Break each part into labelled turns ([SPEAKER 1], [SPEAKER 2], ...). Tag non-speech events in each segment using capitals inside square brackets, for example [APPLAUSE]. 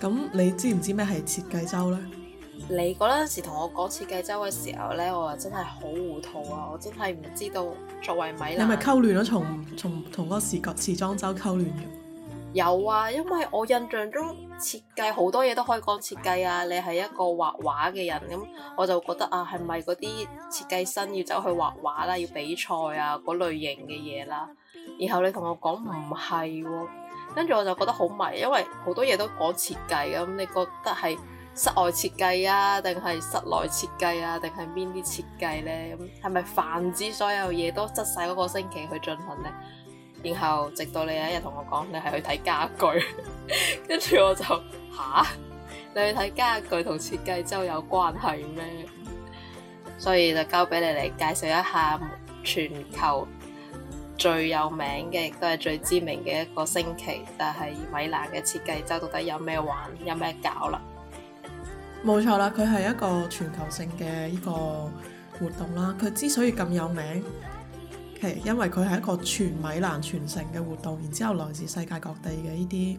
[SPEAKER 1] 咁你知唔知咩係設計周咧？
[SPEAKER 2] 你嗰陣時同我講設計周嘅時候咧，我啊真係好糊塗啊！我真係唔知道作為米蘭，你咪溝
[SPEAKER 1] 亂咗，從從從嗰個視覺時裝周溝亂咗。
[SPEAKER 2] 有啊，因為我印象中設計好多嘢都可以講設計啊。你係一個畫畫嘅人，咁我就覺得啊，係咪嗰啲設計師要走去畫畫啦，要比賽啊，嗰類型嘅嘢啦？然後你同我講唔係喎。嗯跟住我就覺得好迷，因為好多嘢都講設計咁，你覺得係室外設計啊，定係室內設計啊，定係邊啲設計呢？咁係咪泛指所有嘢都執晒嗰個星期去進行呢？然後直到你有一日同我講你係去睇家具，跟 [LAUGHS] 住我就吓、啊，你去睇家具同設計之後有關係咩？所以就交俾你嚟介紹一下全球。最有名嘅亦都係最知名嘅一個星期，但係米蘭嘅設計周到底有咩玩，有咩搞啦？
[SPEAKER 1] 冇錯啦，佢係一個全球性嘅呢個活動啦。佢之所以咁有名，係因為佢係一個全米蘭全城嘅活動，然之後來自世界各地嘅呢啲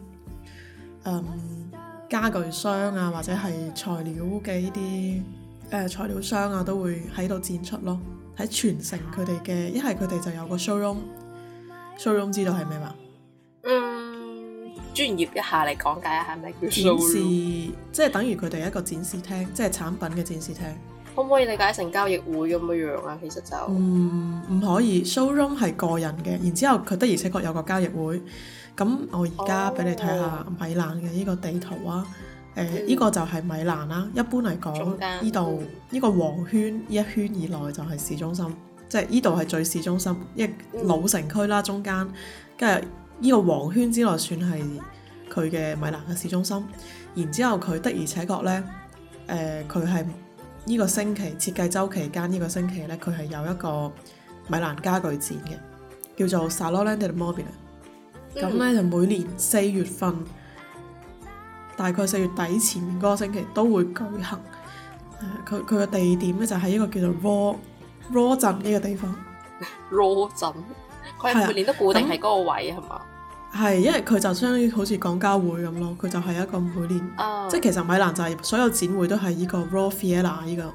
[SPEAKER 1] 嗯傢俱商啊，或者係材料嘅呢啲誒材料商啊，都會喺度展出咯。喺傳承佢哋嘅，一係佢哋就有個 showroom，showroom show 知道係咩嘛？嗯，
[SPEAKER 2] 專業一下嚟講解一下咩叫
[SPEAKER 1] showroom，即係等於佢哋一個展示廳，即係產品嘅展示廳，
[SPEAKER 2] [LAUGHS] 可唔可以理解成交易會咁嘅樣啊？其實就
[SPEAKER 1] 唔唔、嗯、唔可以，showroom 係個人嘅，然之後佢的而且確有個交易會。咁我而家俾你睇下米蘭嘅呢個地圖啊。哦誒呢、呃嗯、個就係米蘭啦，一般嚟講，呢度呢個黃圈一圈以內就係市中心，即係呢度係最市中心，即係、嗯、老城區啦，中間跟住呢個黃圈之內算係佢嘅米蘭嘅市中心。然之後佢的而且確咧，誒佢係呢個星期設計週期間呢個星期咧，佢係有一個米蘭家具展嘅，叫做 Salone del Mobile、嗯。咁咧就每年四月份。大概四月底前面嗰個星期都會舉行，佢佢個地點咧就喺一個叫做 aw, Raw Raw 鎮呢個地方。
[SPEAKER 2] Raw 鎮， [LAUGHS] 佢係每年都固定喺嗰個位係嘛？
[SPEAKER 1] 係、啊吧，因為佢就相當於好似廣交會咁咯，佢就係一個每年，oh. 即係其實米蘭就係所有展會都喺呢個 Raw Fiera 呢、這個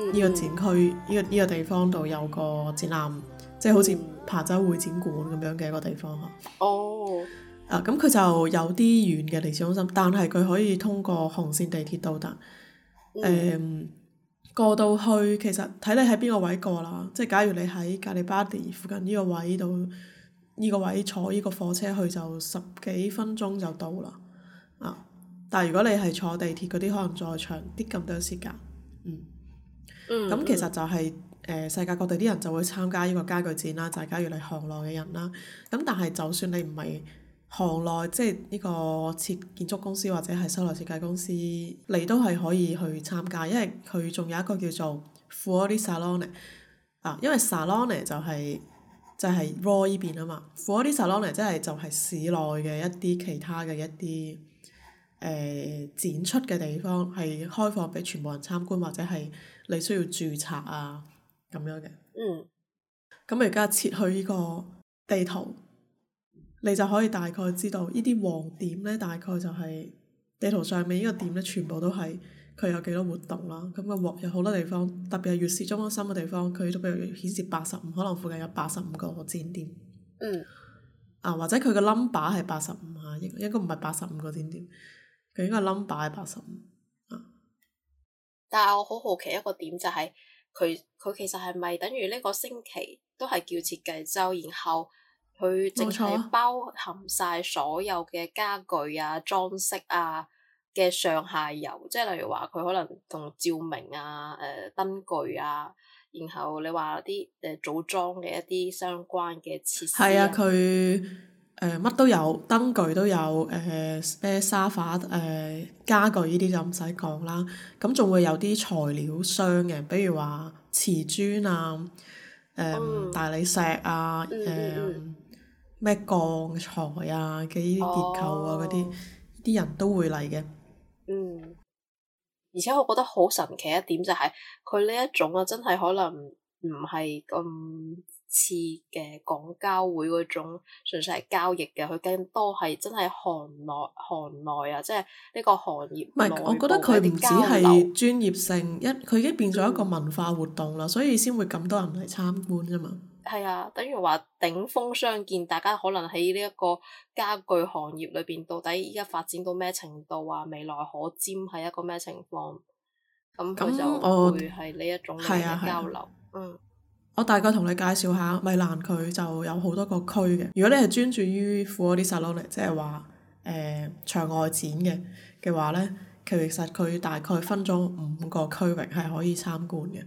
[SPEAKER 1] 依、mm hmm. 個展區、這個，呢個依個地方度有個展覽，即、就、係、是、好似琶洲會展館咁樣嘅一個地方嚇。哦。
[SPEAKER 3] Oh.
[SPEAKER 1] 啊，咁佢、嗯、就有啲遠嘅離市中心，但係佢可以通過紅線地鐵到達。誒、嗯嗯，過到去其實睇你喺邊個位過啦。即係假如你喺隔離巴迪附近呢個位度，呢、呢個位坐呢個火車去就十幾分鐘就到啦、嗯。但係如果你係坐地鐵嗰啲，可能再長啲咁多時間。嗯。
[SPEAKER 3] 咁、嗯嗯、其
[SPEAKER 1] 實就係、是、誒、呃、世界各地啲人就會參加呢個家具展啦，就係、是、假如你行國嘅人啦。咁但係就算你唔係，行內即係呢個設建築公司或者係室內設計公司，你都係可以去參加，因為佢仲有一個叫做 Fuorisalone 啊，因為 Salone 就係、是、就係 Rho 呢邊啊嘛，Fuorisalone 即係就係市內嘅一啲其他嘅一啲誒、呃、展出嘅地方，係開放畀全部人參觀或者係你需要註冊啊咁樣嘅。嗯，咁而家切去呢個地圖。你就可以大概知道呢啲黃點呢，大概就係地圖上面呢個點呢，全部都係佢有幾多活動啦。咁個黃有好多地方，特別係越市中心嘅地方，佢都比如顯示八十五，可能附近有八十五個展點。嗯。啊，或者佢個 number 係八十五啊，應應該唔係八十五個展點，佢應該係 number 係八十五。啊。
[SPEAKER 2] 但係我好好奇一個點就係佢佢其實係咪等於呢個星期都係叫設計周，然後？佢凈係包含晒所有嘅家具啊、裝飾啊嘅上下游，即係例如話佢可能同照明啊、誒、呃、燈具啊，然後你話啲誒組裝嘅一啲相關嘅設施，係啊，佢
[SPEAKER 1] 誒乜都有，燈具都有，誒、呃、咩沙發誒傢俱呢啲就唔使講啦，咁仲會有啲材料商嘅，比如話瓷磚啊、誒、呃嗯、大理石啊、誒、呃。嗯。咩鋼材啊嘅依啲結構啊嗰啲，啲、哦、呢啲人都會嚟嘅。
[SPEAKER 2] 嗯，而且我覺得好神奇一點就係佢呢一種啊，真係可能唔係咁似嘅廣交會嗰種，純粹係交易嘅。佢更多係真係行內行內啊，即係呢個行業。唔係，我覺得佢唔止係
[SPEAKER 1] 專業性、嗯、一，佢已經變咗一個文化活動啦，所以先會咁多人嚟參觀啫嘛。
[SPEAKER 2] 係啊，等於話頂峰相見，大家可能喺呢一個家具行業裏邊，到底依家發展到咩程度啊？未來可兼係一個咩情況？咁佢就會係呢一種嘅交流。嗯，
[SPEAKER 1] 我大概同你介紹下，米蘭佢就有好多個區嘅。如果你係專注於 Fuorisalone 嚟，即係話誒，場外展嘅嘅話咧，其實佢大概分咗五個區域係可以參觀嘅，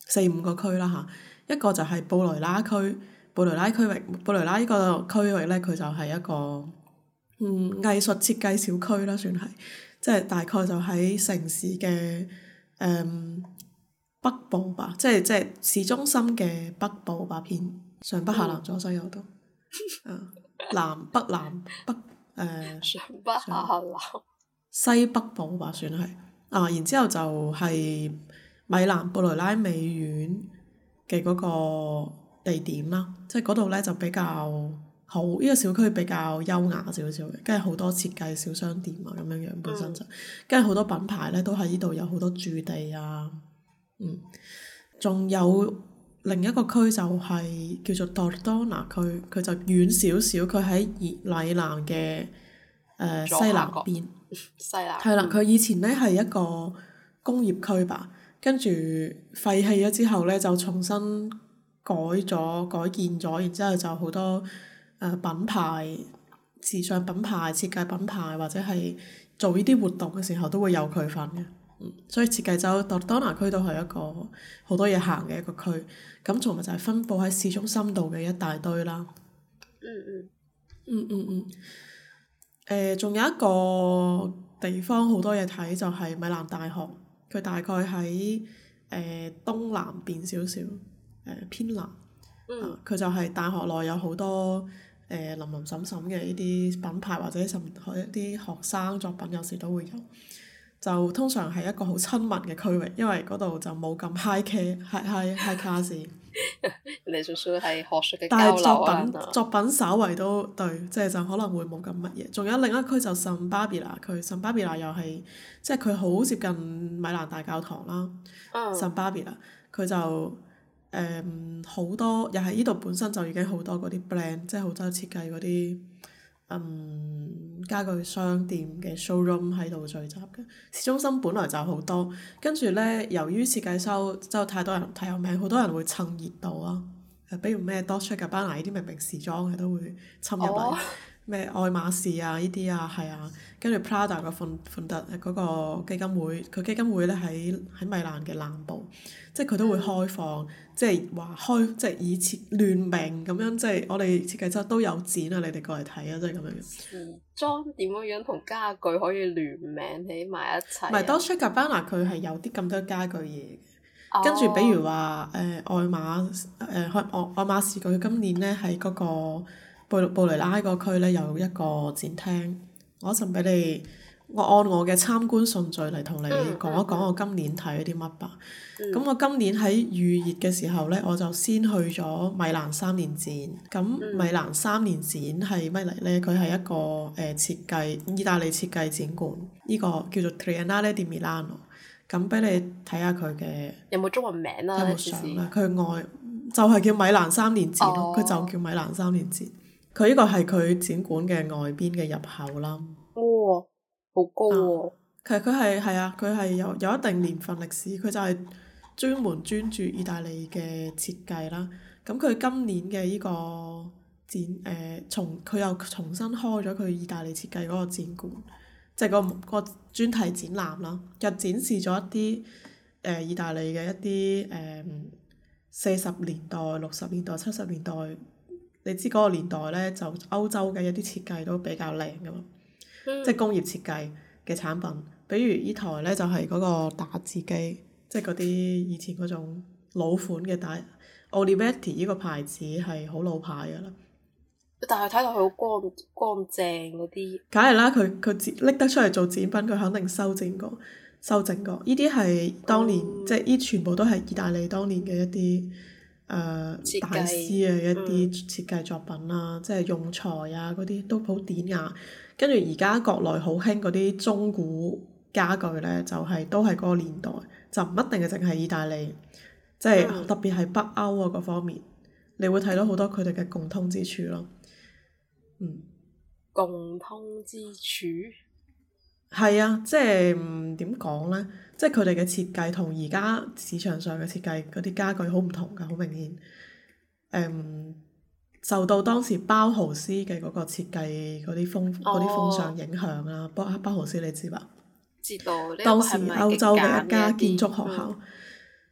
[SPEAKER 1] 四五個區啦吓。一個就係布雷拉區，布雷拉區域，布雷拉個區呢個區域咧，佢就係一個嗯藝術設計小區啦，算係，即係大概就喺城市嘅誒、嗯、北部吧，即係即係市中心嘅北部吧片，上北下南左西右東，嗯、 [LAUGHS] 啊，南北南北誒，呃、
[SPEAKER 2] [LAUGHS] 上北下南，
[SPEAKER 1] 西北部吧算係，啊，然之後就係米蘭布雷拉美院。嘅嗰個地點啦，即係嗰度咧就比較好，呢、這個小區比較優雅少少嘅，跟住好多設計小商店啊咁樣樣，本身就跟住好多品牌咧都喺呢度有好多駐地啊，嗯，仲有另一個區就係、是、叫做 Tortona 區，佢就遠少少，佢喺熱內嘅、呃、西南邊，
[SPEAKER 2] 西南，係啦，
[SPEAKER 1] 佢以前咧係一個工業區吧。跟住廢棄咗之後咧，就重新改咗、改建咗，然之後就好多誒、呃、品牌、時尚品牌、設計品牌或者係做呢啲活動嘅時候都會有佢份嘅、嗯。所以設計周多丹拿區都係一個好多嘢行嘅一個區。咁同埋就係分佈喺市中心度嘅一大堆啦。嗯嗯嗯嗯仲、呃、有一個地方好多嘢睇，就係、是、米蘭大學。佢大概喺誒、呃、東南邊少少，誒、呃、偏南佢、嗯啊、就係大學內有好多誒林林沈沈嘅呢啲品牌，或者甚至一啲學生作品有時都會有，就通常係一個好親民嘅區域，因為嗰度就冇咁 high 卡，係係係 casual [LAUGHS] s high, high, high class
[SPEAKER 2] 你算算係學術嘅交流，啊，但係作品作
[SPEAKER 1] 品稍為都對，即、就、係、是、就可能會冇咁乜嘢。仲有另一區就聖芭比娜，佢聖芭比娜又係即係佢好接近米蘭大教堂啦。Oh. 聖芭比娜佢就誒好、嗯、多，又係呢度本身就已經好多嗰啲 brand，即係歐洲設計嗰啲。嗯，傢俱、um, 商店嘅 showroom 喺度聚集嘅，市中心本來就好多，跟住咧，由於設計收，秀就太多人，太有名，好多人會趁熱度啊，比如咩 Dolce Gabbana，呢啲明明時裝嘅都會侵入嚟。Oh. 咩愛馬仕啊？依啲啊，係啊，跟住 Prada 個款款、那、特嗰個基金會，佢基金會咧喺喺米蘭嘅南部，即係佢都會開放，嗯、即係話開，即係以前聯名咁樣，即係我哋設計周都有展啊！你哋過嚟睇啊，即係咁樣。時
[SPEAKER 2] 裝點乜樣同家具可以聯名起埋一齊、啊？唔係，Dolce
[SPEAKER 1] Gabbana 佢係有啲咁多家具嘢，哦、
[SPEAKER 2] 跟住比如話
[SPEAKER 1] 誒、呃、愛馬誒愛、呃、愛馬仕佢今年咧喺嗰個。布布雷拉個區咧有一個展廳，我一陣俾你，我按我嘅參觀順序嚟同你講一講我今年睇咗啲乜吧。咁、嗯、我今年喺預熱嘅時候咧，我就先去咗米蘭三年展。咁米蘭三年展係乜嚟咧？佢係一個誒、呃、設計，意大利設計展館，呢、這個叫做 Triennale di Milano。咁俾你睇下佢嘅，
[SPEAKER 2] 有冇中文名啦？有冇相
[SPEAKER 1] 咧？佢外就係、是、叫米蘭三年展咯，佢、oh. 就叫米蘭三年展。佢呢個係佢展館嘅外邊嘅入口啦。
[SPEAKER 2] 哇、哦，好高喎、
[SPEAKER 1] 哦！其實佢係係啊，佢係、啊、有有一定年份歷史，佢就係專門專注意大利嘅設計啦。咁、啊、佢今年嘅呢個展誒，重、呃、佢又重新開咗佢意大利設計嗰個展館，即、就、係、是那個、那個專題展覽啦、啊，又展示咗一啲誒、呃、意大利嘅一啲誒四十年代、六十年代、七十年代。你知嗰個年代咧，就歐洲嘅一啲設計都比較靚㗎嘛，嗯、即係工業設計嘅產品。比如依台咧，就係、是、嗰個打字機，即係嗰啲以前嗰種老款嘅打。Olivetti 依 [MUSIC] 個牌子係好老牌㗎啦。
[SPEAKER 2] 但係睇落去好乾乾淨嗰啲。
[SPEAKER 1] 梗係啦，佢佢拎得出嚟做展品，佢肯定修整過、修整過。呢啲係當年，嗯、即係依全部都係意大利當年嘅一啲。誒、呃、設計大師嘅一啲設計作品啦，嗯、即係用材啊嗰啲都好典雅。跟住而家國內好興嗰啲中古家具咧，就係、是、都係嗰個年代，就唔一定係淨係意大利，即、就、係、是嗯、特別係北歐啊嗰方面，你會睇到好多佢哋嘅共通之處咯。嗯，
[SPEAKER 2] 共通之處。
[SPEAKER 1] 係啊，即係點講咧？即係佢哋嘅設計同而家市場上嘅設計嗰啲家具好唔同㗎，好明顯。誒、嗯，受到當時包豪斯嘅嗰個設計嗰啲風嗰啲風尚影響啦。包、哦、包豪斯你知吧？
[SPEAKER 2] 知道。當時歐洲嘅一家建築學校，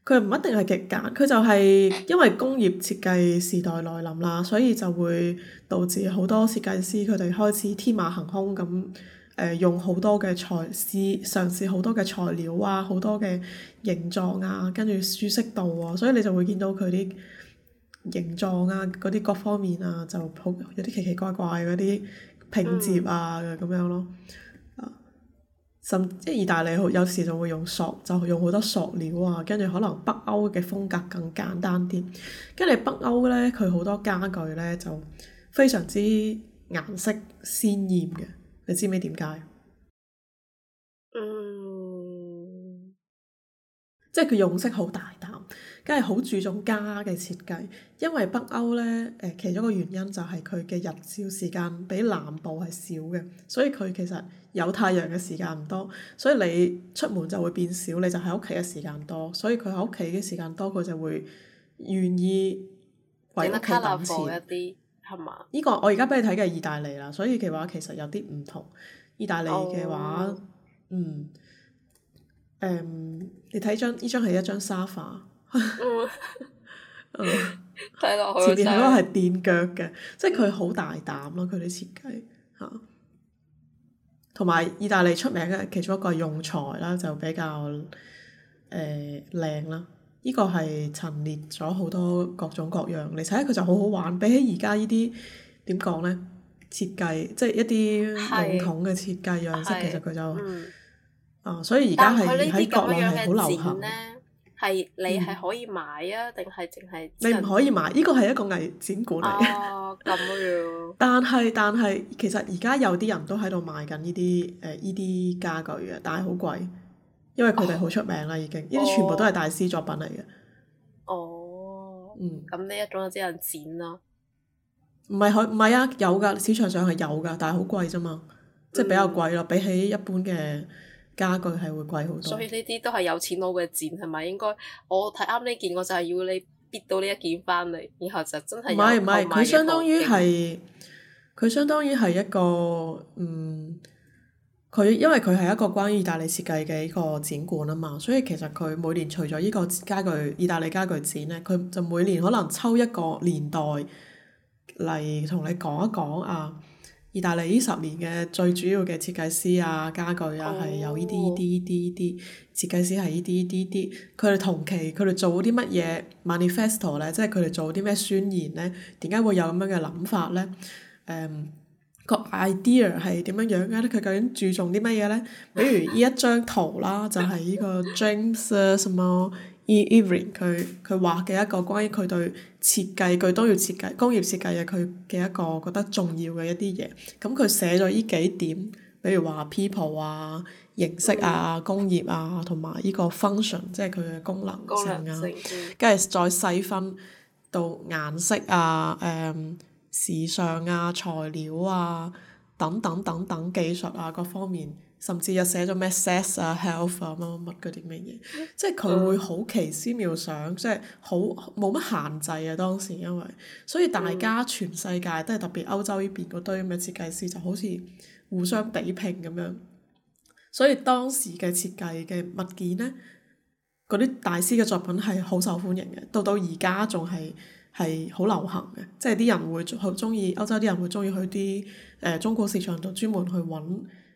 [SPEAKER 1] 佢唔、嗯、一定係極簡，佢就係因為工業設計時代來臨啦，所以就會導致好多設計師佢哋開始天馬行空咁。誒，用好多嘅材試嘗試好多嘅材料啊，好多嘅形狀啊，跟住舒適度啊。所以你就會見到佢啲形狀啊，嗰啲各方面啊，就好有啲奇奇怪怪嗰啲拼接啊咁樣咯。嗯、甚即係意大利有時就會用塑就用好多塑料啊，跟住可能北歐嘅風格更簡單啲。跟住北歐咧，佢好多家具咧就非常之顏色鮮豔嘅。你知唔知點解？嗯，即係佢用色好大膽，梗係好注重家嘅設計。因為北歐咧，誒其中一個原因就係佢嘅日照時間比南部係少嘅，所以佢其實有太陽嘅時間唔多，所以你出門就會變少，你就喺屋企嘅時間多，所以佢喺屋企嘅時間多，佢就會願意
[SPEAKER 2] 喺屋企一啲。係
[SPEAKER 1] 嘛？呢個我而家畀你睇嘅係意大利啦，所以嘅話其實有啲唔同。意大利嘅話、哦嗯，嗯，誒，你睇張呢張係一張沙發，
[SPEAKER 2] 睇落前面嗰個係
[SPEAKER 1] 墊腳嘅，即係佢好大膽咯，佢啲設計嚇。同、嗯、埋意大利出名嘅其中一個用材啦，就比較誒靚啦。呃呢個係陳列咗好多各種各樣，你睇下，佢就好好玩。比起而家呢啲點講呢？設計即係一啲傳統嘅設計樣式，是其實佢就、嗯哦、所以而家係喺國內係好流行咧。
[SPEAKER 2] 係你係可以買啊，定係淨係？你唔
[SPEAKER 1] 可以買，呢、嗯這個係一個偽展館嚟
[SPEAKER 2] 嘅。
[SPEAKER 1] 但係但係，其實而家有啲人都喺度賣緊呢啲誒呢啲傢俱嘅，但係好貴。因為佢哋好出名啦，已經呢啲全部都係大師作品嚟嘅。哦，嗯，
[SPEAKER 2] 咁呢、嗯、一種就只有展咯，
[SPEAKER 1] 唔係佢唔係啊，有噶，市場上係有噶，但係好貴啫嘛，即係比較貴咯，嗯、比起一般嘅家具係會貴好多。所以呢
[SPEAKER 2] 啲都係有錢佬嘅展係咪？應該我睇啱呢件，我就係要你攰到呢一件翻嚟，然後就真係唔係唔係佢相當
[SPEAKER 1] 於係佢相當於係一個嗯。佢因為佢係一個關於意大利設計嘅一個展館啊嘛，所以其實佢每年除咗依個家具意大利家具展咧，佢就每年可能抽一個年代嚟同你講一講啊，意大利依十年嘅最主要嘅設計師啊、家具啊係有依啲依啲依啲設計師係依啲依啲，佢哋同期佢哋做啲乜嘢 manifesto 咧，即係佢哋做啲咩宣言咧？點解會有咁樣嘅諗法咧？誒、嗯。個 idea 係點樣樣嘅咧？佢究竟注重啲乜嘢咧？比如依一張圖啦，就係依個 James 什麼 Evan 佢佢畫嘅一個關於佢對設計，佢都要設計工業設計嘅佢嘅一個覺得個重要嘅一啲嘢。咁佢寫咗依幾點，比如話 people 啊、形式啊、工業啊，同埋呢個 function 即係佢嘅功能性，跟住再細分到顏色啊、誒、um、時尚啊、材料啊、等等等等，技術啊，各方面，甚至又寫咗咩 sex 啊、health 啊、乜乜乜嗰啲咩嘢，即係佢會好奇思妙想，即係好冇乜限制啊！當時因為，所以大家全世界都係特別歐洲呢邊嗰堆咁嘅設計師，就好似互相比拼咁樣。所以當時嘅設計嘅物件呢，嗰啲大師嘅作品係好受歡迎嘅，到到而家仲係。係好流行嘅，即係啲人會好中意，歐洲啲人會中意去啲誒、呃、中古市場度專門去揾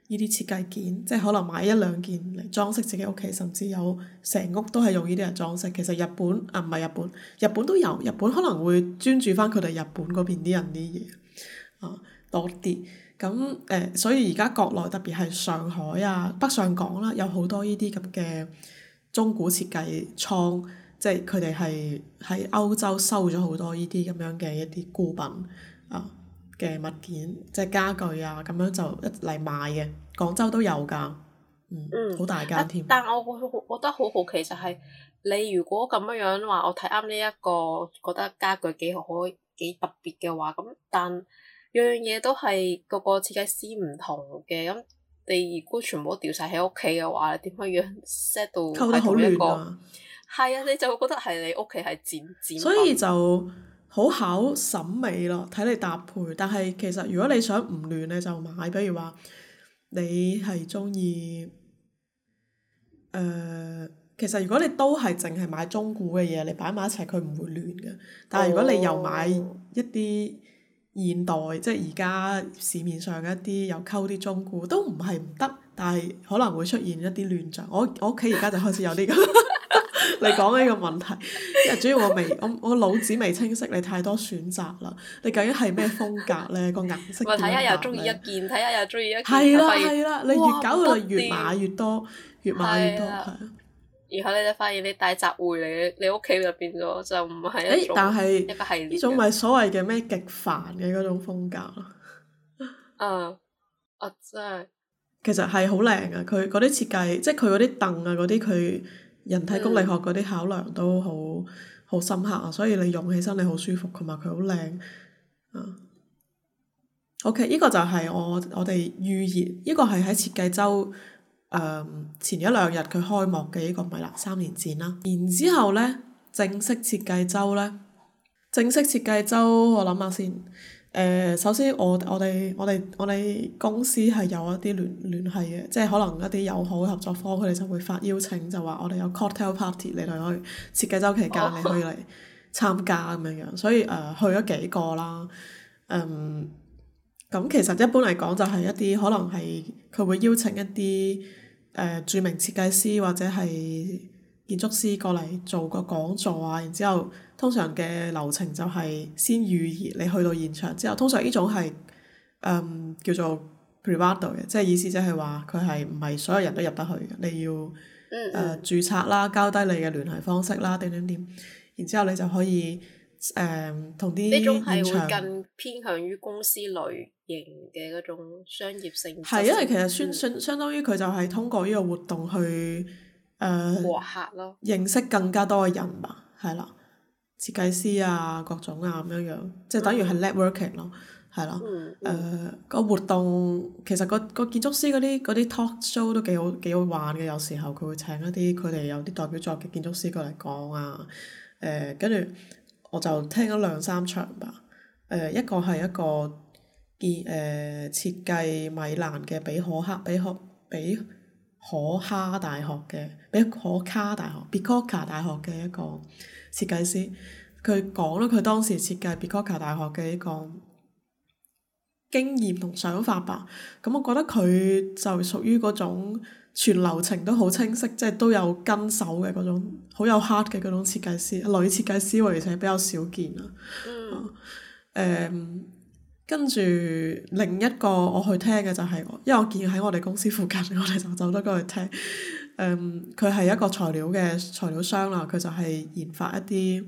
[SPEAKER 1] 呢啲設計件，即係可能買一兩件嚟裝飾自己屋企，甚至有成屋都係用呢啲嚟裝飾。其實日本啊，唔係日本，日本都有，日本可能會專注翻佢哋日本嗰邊啲人啲嘢啊多啲。咁誒、呃，所以而家國內特別係上海啊、北上廣啦、啊，有好多呢啲咁嘅中古設計倉。即係佢哋係喺歐洲收咗好多呢啲咁樣嘅一啲孤品嘅物件，即係家具啊，咁樣就一嚟賣嘅。廣州都有㗎，嗯，好、
[SPEAKER 2] 嗯、大間添。但係我覺得好好奇就係、是，你如果咁樣話，我睇啱呢一個覺得家具幾好幾特別嘅話，咁但樣樣嘢都係個個設計師唔同嘅，咁你如果全部掉晒喺屋企嘅話，你點可以 set 到好度呢一個？係啊，你就會覺得係你屋企係漸漸。所以
[SPEAKER 1] 就好考審美咯，睇你搭配。但係其實如果你想唔亂你就買，比如話你係鍾意。誒、呃，其實如果你都係淨係買中古嘅嘢，你擺埋一齊，佢唔會亂嘅。但係如果你又買一啲現代，即係而家市面上嘅一啲又溝啲中古，都唔係唔得，但係可能會出現一啲亂象。我我屋企而家就開始有啲、這、咁、個。 [LAUGHS] [LAUGHS] 你講呢個問題，因為主要我未，我我腦子未清晰，你太多選擇啦。你究竟係咩風格咧？個顏 [LAUGHS] 色我睇下又中意一件，睇
[SPEAKER 2] 下 [LAUGHS] 又中意一件。係啦係啦，你越搞到
[SPEAKER 1] 越買越多，越買越多。啊
[SPEAKER 2] 的，然後你就發現你大雜燴嚟，你屋企就變咗就唔係。誒，但係呢種
[SPEAKER 1] 咪所謂嘅咩極繁嘅嗰種風格咯。
[SPEAKER 2] 啊啊真係，
[SPEAKER 1] 其實係好靚啊。佢嗰啲設計，即係佢嗰啲凳啊，嗰啲佢。人體工力學嗰啲考量都好好深刻啊，所以你用起身你好舒服，同埋佢好靚啊。OK，呢個就係我我哋預熱，呢個係喺設計周前一兩日佢開幕嘅呢個米蘭三年展啦。然之後咧，正式設計周咧，正式設計周我諗下先。誒、呃，首先我我哋我哋我哋公司係有一啲聯聯繫嘅，即係可能一啲友好合作方，佢哋就會發邀請，就話我哋有 cocktail party，你哋可以設計週期間，你可以嚟參加咁樣樣。哦、所以誒、呃，去咗幾個啦。嗯，咁其實一般嚟講就係一啲可能係佢會邀請一啲誒、呃、著名設計師或者係建築師過嚟做個講座啊，然之後。通常嘅流程就係先預熱，你去到現場之後，通常呢種係誒、嗯、叫做 private 嘅，即係意思即係話佢係唔係所有人都入得去嘅，你要誒、嗯呃、註冊啦，交低你嘅聯繫方式啦，點點點，然之後你就可以誒同啲呢種係會更
[SPEAKER 2] 偏向於公司類型嘅嗰種商業性。係、嗯、因為其實相
[SPEAKER 1] 相相當於佢就係通過呢個活動去誒獲、呃、客咯，認識更加多嘅人嘛，係啦。設計師啊，各種啊咁樣樣，即係等於係 networking 咯，係咯，誒個活動其實個個建築師嗰啲嗰啲 talk show 都幾好幾好玩嘅，有時候佢會請一啲佢哋有啲代表作嘅建築師過嚟講啊，誒跟住我就聽咗兩三場吧，誒、呃、一個係一個建誒、呃、設計米蘭嘅比可克比可比可哈大學嘅比可卡大學 Bicocca 大學嘅一個。設計師，佢講咗佢當時設計 Bicocca 大學嘅一個經驗同想法吧。咁、嗯、我覺得佢就屬於嗰種全流程都好清晰，即係都有跟手嘅嗰種，好有 heart 嘅嗰種設計師，女設計師喎、哦、而且比較少見啊。嗯。跟、嗯、住另一個我去聽嘅就係、是，因為我見喺我哋公司附近，我哋就走咗過去聽。誒，佢係、嗯、一個材料嘅材料商啦，佢就係研發一啲誒、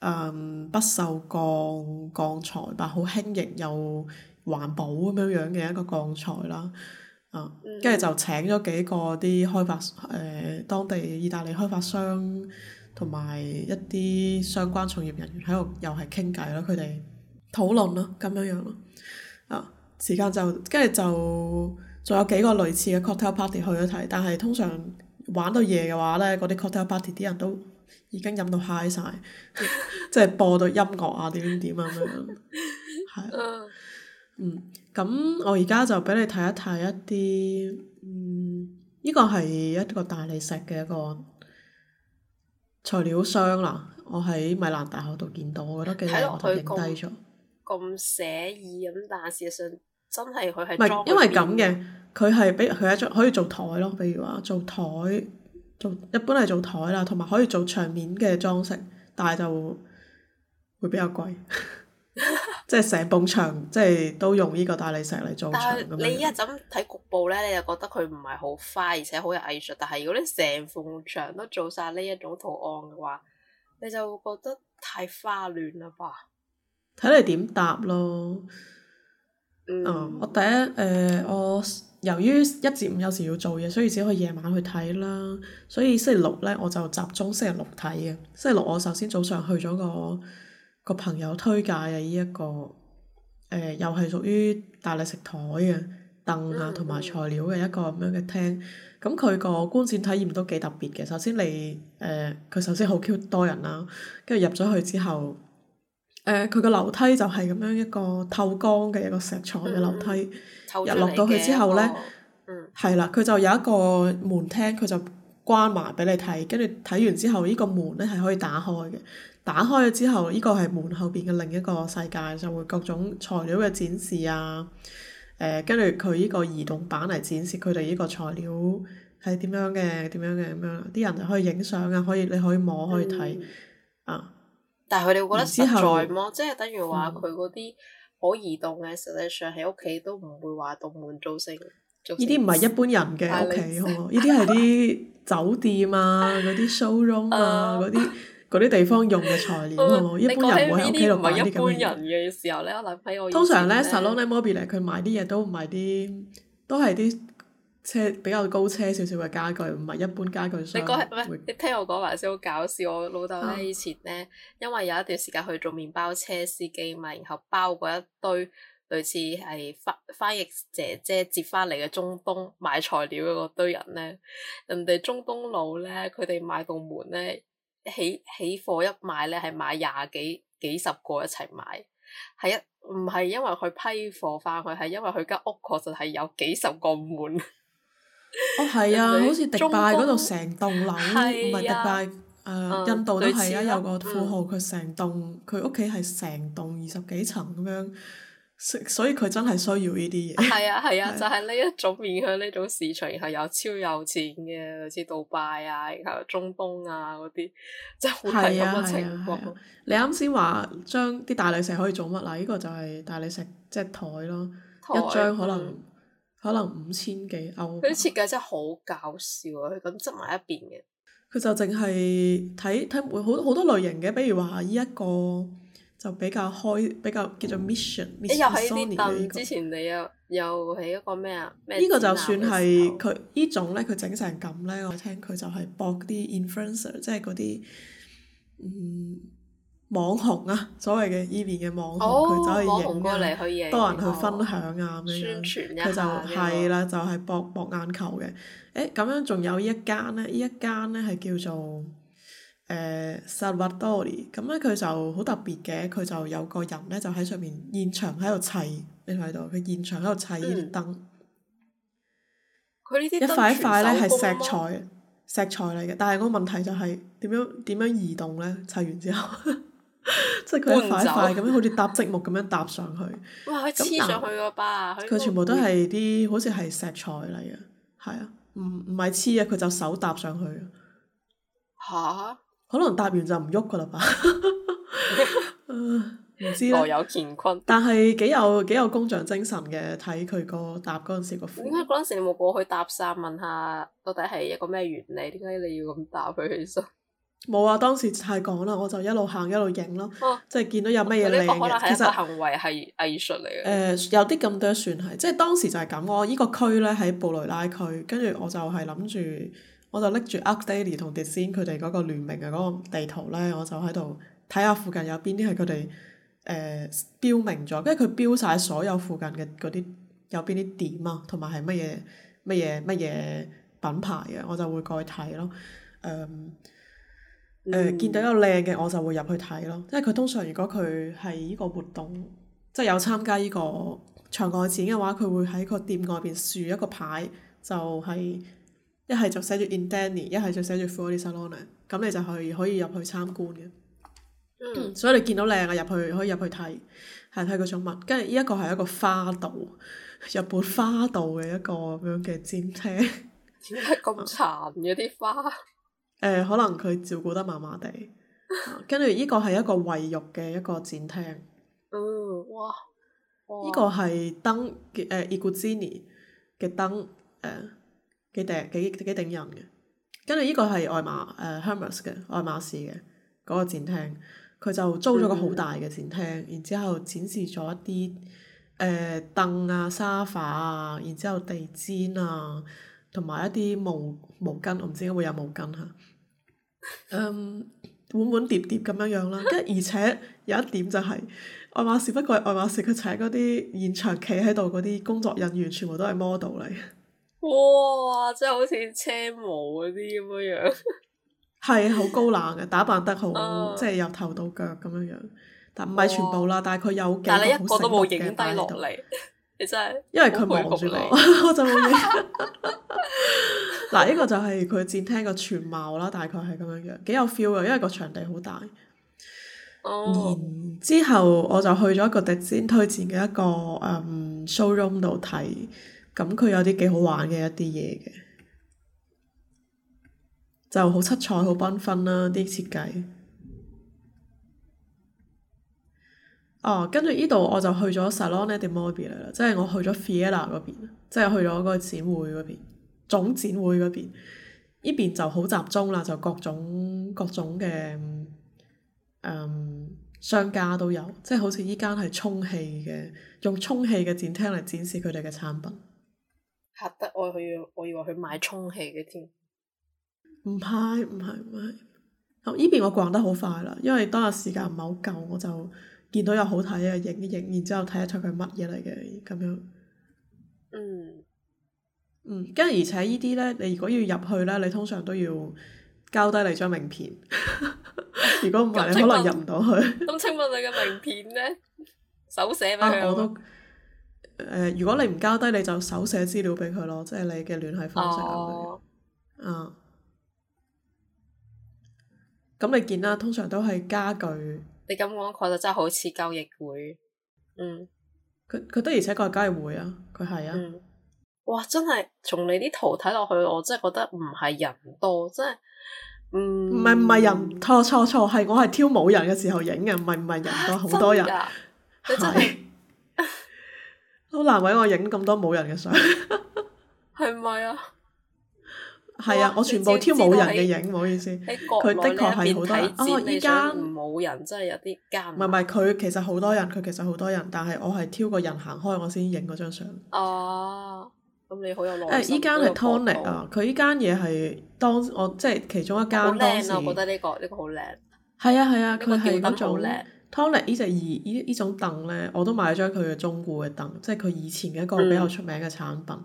[SPEAKER 1] 嗯、不鏽鋼鋼材吧，好輕盈又環保咁樣樣嘅一個鋼材啦。啊，跟住、嗯、就請咗幾個啲開發誒、呃、當地意大利開發商同埋一啲相關從業人員喺度又係傾偈咯，佢哋討論咯，咁樣樣咯。啊，時間就跟住就。仲有幾個類似嘅 cocktail party 去咗睇，但係通常玩到夜嘅話咧，嗰啲 cocktail party 啲人都已經飲到 high 晒，即係 [LAUGHS] [LAUGHS] 播到音樂啊點點點啊咁樣，
[SPEAKER 3] 係。啊，嗯，
[SPEAKER 1] 咁我而家就畀你睇一睇一啲，嗯，呢個係一個大理石嘅一個材料箱啦。我喺米蘭大學度見到，我覺得幾靚。睇落去影低咗，
[SPEAKER 2] 咁寫意咁，但係事實上。真係佢係唔係？因為咁嘅，
[SPEAKER 1] 佢係比如佢係做可以做台咯，譬如話做台做一般係做台啦，同埋可以做牆面嘅裝飾，但係就會，會比較貴。 [LAUGHS] [LAUGHS] 即係成埲牆，即係都用呢個大理石嚟做牆咁樣 [LAUGHS] 你一
[SPEAKER 2] 陣睇局部咧，你就覺得佢唔係好花，而且好有藝術。但係如果你成埲牆都做晒呢一種圖案嘅話，你就會覺得太花亂啦吧？
[SPEAKER 1] 睇你點答咯。Um, 我第一誒、呃，我由於一至五有時要做嘢，所以只可以夜晚去睇啦。所以星期六咧，我就集中星期六睇嘅。星期六我首先早上去咗個個朋友推介嘅呢一個誒、呃，又係屬於大理石台嘅凳啊，同埋材料嘅一個咁樣嘅廳。咁佢個觀展體驗都幾特別嘅。首先你，誒、呃，佢首先好 Q 多人啦、啊，跟住入咗去之後。誒、佢個樓梯就係咁樣一個透光嘅一個石材嘅樓梯，
[SPEAKER 2] 入、嗯、落到去之
[SPEAKER 1] 後咧，係啦、哦，佢、嗯、就有一個門廳，佢就關埋畀你睇，跟住睇完之後，呢、呢個門咧係可以打開嘅，打開咗之後，呢、呢個係門後邊嘅另一個世界，就會各種材料嘅展示啊，誒、呃，跟住佢呢個移動板嚟展示佢哋呢個材料係點樣嘅，點樣嘅咁樣，啲人就可以影相啊，可以你可以摸，可以睇，啊、嗯！
[SPEAKER 2] 但係佢哋會覺得實在麼？嗯、即係等於話佢嗰啲可移動嘅，實際上喺屋企都唔會話動門造成。呢啲唔係一
[SPEAKER 1] 般人嘅屋企，好呢啲係啲酒店啊、嗰啲 s, [LAUGHS] showroom 啊、嗰啲啲地方用嘅材料，好唔 [LAUGHS] 一般人唔會喺屋企度買啲咁樣。
[SPEAKER 2] 呢呢通常咧，salon
[SPEAKER 1] 呢 mobile 佢買啲嘢都唔買啲，都係啲。車比較高車少少嘅家具，唔係一般家具。你講係唔
[SPEAKER 2] 係？你聽我講埋先，好搞笑。我老豆咧以前咧，啊、因為有一段時間去做麵包車司機嘛，然後包過一堆類似係翻翻譯姐姐接翻嚟嘅中東買材料嗰堆人咧，人哋中東佬咧，佢哋買到門咧起起貨一買咧係買廿幾幾十個一齊買，係一唔係因為佢批貨翻去，係因為佢間屋確實係有幾十個門。哦，係啊，好似迪拜嗰度
[SPEAKER 1] 成棟樓，唔係、 [LAUGHS] 啊、迪拜，誒、呃嗯、印度都係啊，似有個富豪佢成、嗯、棟，佢屋企係成棟二十幾層咁樣，所以佢真係需要呢啲嘢。係啊係啊， [LAUGHS] 啊，就係、
[SPEAKER 2] 是、呢一種面向呢種市場，然後有超有錢嘅，類似杜拜啊，然後中東啊嗰啲，即係好大咁嘅情
[SPEAKER 1] 況。啊啊啊啊啊、你啱先話將啲大理石可以做乜啦？呢、這個就係大理石，即係台咯，台
[SPEAKER 2] 一張可能、
[SPEAKER 1] 嗯。可能五千幾歐。佢啲
[SPEAKER 2] 設計真係好搞笑啊！佢咁執埋一邊嘅。
[SPEAKER 1] 佢就淨係睇睇好好多類型嘅，比如話呢一個就比較開，比較叫做 mission、這個。哎，又係啲凳
[SPEAKER 2] 之前，你又又係一個咩
[SPEAKER 1] 啊？呢個就算係佢呢種咧，佢整成咁咧，我聽佢就係博啲 influencer，即係嗰啲嗯。網紅啊，所謂嘅呢邊嘅網紅，佢、哦、走去影，去多人去分享啊咁樣，佢就係啦那個，就係博博眼球嘅。誒，咁樣仲有依一間呢，一呢一間呢係叫做誒 Salvatori。咁咧佢就好特別嘅，佢就有個人咧就喺上邊現場喺度砌，你睇到佢現場喺度砌依啲燈。
[SPEAKER 2] 佢呢、嗯、一塊一塊咧係石材，
[SPEAKER 1] 嗯、石材嚟嘅，但係個問題就係、是、點樣點樣移動咧？砌完之後。 [LAUGHS] 即係佢一塊一塊咁樣，好似搭積木咁樣搭上去。
[SPEAKER 2] 哇！佢黐上去個巴，
[SPEAKER 1] 佢、嗯、全部都係啲好似係石材嚟嘅，係啊，
[SPEAKER 2] 唔
[SPEAKER 1] 唔係黐嘅，佢就手搭上去。
[SPEAKER 2] 嚇哈？
[SPEAKER 1] 可能搭完就唔喐噶啦吧？
[SPEAKER 2] 唔、 [LAUGHS] [LAUGHS] [LAUGHS] 啊、知啦。 [LAUGHS]
[SPEAKER 1] 但係幾有幾有工匠精神嘅，睇佢個搭嗰陣時個。點解
[SPEAKER 2] 嗰陣時你冇過去搭訕問,問下，到底係一個咩原理？點解你要咁搭佢起身？
[SPEAKER 1] 冇啊！當時太趕啦，我就一路行一路影咯，啊、即係見到有乜嘢靚嘅。啊、其實
[SPEAKER 2] 行為，係藝術嚟嘅。
[SPEAKER 1] 誒，有啲咁多算係，即係當時就係咁。我、這、呢個區咧喺布雷拉區，跟住我就係諗住，我就拎住《ArchDaily 同《Dezeen》佢哋嗰個聯名嘅嗰個地圖咧，我就喺度睇下附近有邊啲係佢哋誒標明咗，因為佢標晒所有附近嘅嗰啲有邊啲點啊，同埋係乜嘢乜嘢乜嘢品牌嘅，我就會過去睇咯。誒、呃。誒、嗯呃、見到有靚嘅我就會入去睇咯，因為佢通常如果佢係呢個活動，即係有參加呢、呢個場外展嘅話，佢會喺個店外邊豎一個牌，就係一係就寫住 In Danny，一係就寫住 Fuorisalone。咁你就可以可以入去參觀嘅。嗯。所以你見到靚嘅入去可以入去睇，係睇佢想乜。跟住呢一個係一個花道，日本花道嘅一個咁樣嘅展廳。
[SPEAKER 2] 點解咁殘嘅啲花？ [LAUGHS]
[SPEAKER 1] 呃、可能佢照顧得麻麻地，跟住呢個係一個衞浴嘅一個展廳。
[SPEAKER 2] 嗯，哇！呢個係
[SPEAKER 1] 燈，誒 iGuzzini 嘅燈，誒幾頂幾幾頂人嘅。跟住呢個係愛馬誒 Hermes 嘅愛馬仕嘅嗰個展廳，佢就租咗個好大嘅展廳，然之後展示咗一啲誒凳啊、沙發啊，然之後地氈啊。同埋一啲毛毛巾，我唔知點解會有毛巾嚇。 [LAUGHS] 嗯，碗碗碟碟咁樣樣啦，跟住而且有一點就係、是、愛馬仕。不過愛馬仕佢請嗰啲現場企喺度嗰啲工作人員全部都係 model 嚟。
[SPEAKER 2] 哇！即係好似車模嗰啲咁樣樣。
[SPEAKER 1] 係好 [LAUGHS] 高冷嘅，打扮得好，啊、即係由頭到腳咁樣樣，但唔係全部啦，哇但係佢有幾。但係你一個都冇影低落
[SPEAKER 2] 嚟。你真係，因為佢望住
[SPEAKER 1] 你，我就冇嘢。嗱，呢個就係佢展廳個全貌啦，大概係咁樣嘅，幾有 feel 嘅，因為個場地好大。Oh. 然之後我就去咗一個迪先推薦嘅一個嗯 showroom 度睇，咁佢、嗯、有啲幾好玩嘅一啲嘢嘅，就好七彩、好繽紛啦，啲設計。哦，跟住呢度我就去咗 Salone del Mobile 嚟啦，即係我去咗 Fiera 嗰邊，即係去咗個展會嗰邊總展會嗰邊。呢邊就好集中啦，就各種各種嘅、嗯、商家都有，即係好似呢間係充氣嘅，用充氣嘅展廳嚟展示佢哋嘅產品，
[SPEAKER 2] 嚇得我去，我以為去買充氣嘅添。
[SPEAKER 1] 唔係唔係唔係，呢邊我逛得好快啦，因為當日時間唔係好夠，我就。見到又好睇啊，影一影，然之後睇得出佢乜嘢嚟嘅咁樣。嗯嗯，跟住、嗯、而且呢啲咧，你如果要入去咧，你通常都要交低你張名片。 [LAUGHS] 如果唔係，你可能入唔到去。
[SPEAKER 2] 咁請問你嘅名片咧？ [LAUGHS] 手寫俾、啊、我都
[SPEAKER 1] 誒、呃，如果你唔交低，你就手寫資料俾佢咯，即係你嘅聯繫方式、哦、啊。哦。啊。咁你見啦，通常都係家具。
[SPEAKER 2] 你咁講佢就真係好似交易會，嗯，
[SPEAKER 1] 佢佢的而且確係交易會啊，佢係啊，
[SPEAKER 2] 哇，真係從你啲圖睇落去，我真係覺得唔係人多，真係，嗯，
[SPEAKER 1] 唔係唔係人，錯錯錯，係我係挑冇人嘅時候影嘅，唔係唔係人多，好多人，係、啊，好難為我影咁多冇人嘅相，
[SPEAKER 2] 係咪 [LAUGHS] 啊？
[SPEAKER 1] 係啊，我全部挑冇人嘅影，唔好意思，
[SPEAKER 2] 佢的確係好多。哦，依間冇人真係有啲尷。唔係唔
[SPEAKER 1] 係，佢其實好多人，佢其實好多人，但係我係挑個人行開，我先影嗰張相。哦，咁
[SPEAKER 2] 你好有耐。誒，依間係
[SPEAKER 1] Tonic 啊，佢依間嘢係當我即係其中一間。好靚啊！覺得呢
[SPEAKER 2] 個呢個
[SPEAKER 1] 好靚。係啊係啊，佢係嗰種 Tonic 依隻椅，呢依種凳咧，我都買咗張佢嘅中古嘅凳，即係佢以前嘅一個比較出名嘅產品。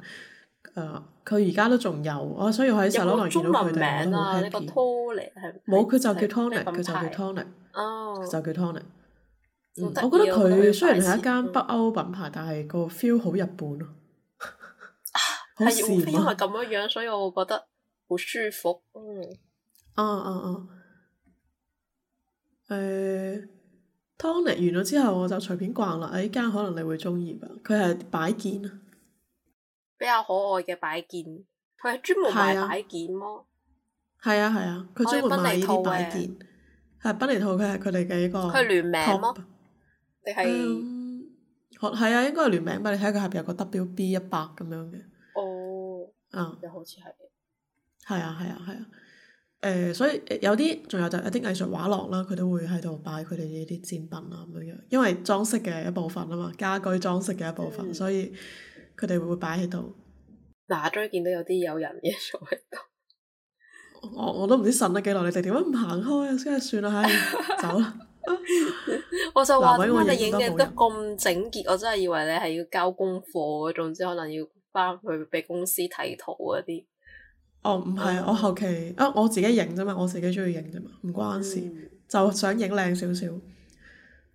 [SPEAKER 1] 佢而家都仲有，我所以喺茶樓內見到佢名啊，呢個
[SPEAKER 2] Toni 冇，佢就叫 Toni，佢就叫 Toni，佢、oh，就
[SPEAKER 1] 叫 Toni。哦、嗯。我覺得佢雖然係一間北歐品牌，但係個 feel 好日本咯。 [LAUGHS] 好 feel
[SPEAKER 2] 咁樣樣，所以我覺得好舒服。嗯。
[SPEAKER 1] 啊啊啊！Toni 完咗之後，我就隨便逛啦。呢 [NOISE] 間可能你會中意㗎。佢係擺件。
[SPEAKER 2] 比較
[SPEAKER 1] 可愛嘅擺件，佢係專門買擺件咯。係啊係啊，佢專、啊、門買呢啲擺件。係賓尼兔，佢係佢哋嘅一個。佢係聯名咯，定係 Top？嗯，係啊，應該係聯名吧？但你睇下佢下邊有個 W B 一百咁樣嘅。哦。啊。
[SPEAKER 2] 又、嗯、好似係。
[SPEAKER 1] 係啊係啊係啊，誒、啊啊啊呃，所以有啲，仲有就係一啲藝術畫廊啦，佢都會喺度擺佢哋呢啲展品啊咁樣，因為裝飾嘅一部分啊嘛，家居裝飾嘅一部分，部分嗯、所以。佢哋會唔會擺喺度，
[SPEAKER 2] 嗱、啊，終於見到有啲有人嘅坐喺度。
[SPEAKER 1] 我我都唔知瞓咗幾耐，你哋點解唔行開啊？真係算啦，嚇、哎，走啦！
[SPEAKER 2] [LAUGHS] [LAUGHS] 我就話：你影嘅得咁整潔， [LAUGHS] 我真係以為你係要交功課。總之可能要翻去畀公司睇圖嗰啲。 [LAUGHS] 哦，
[SPEAKER 1] 唔係，我後期啊，我自己影啫嘛，我自己中意影啫嘛，唔關事，就想影靚少少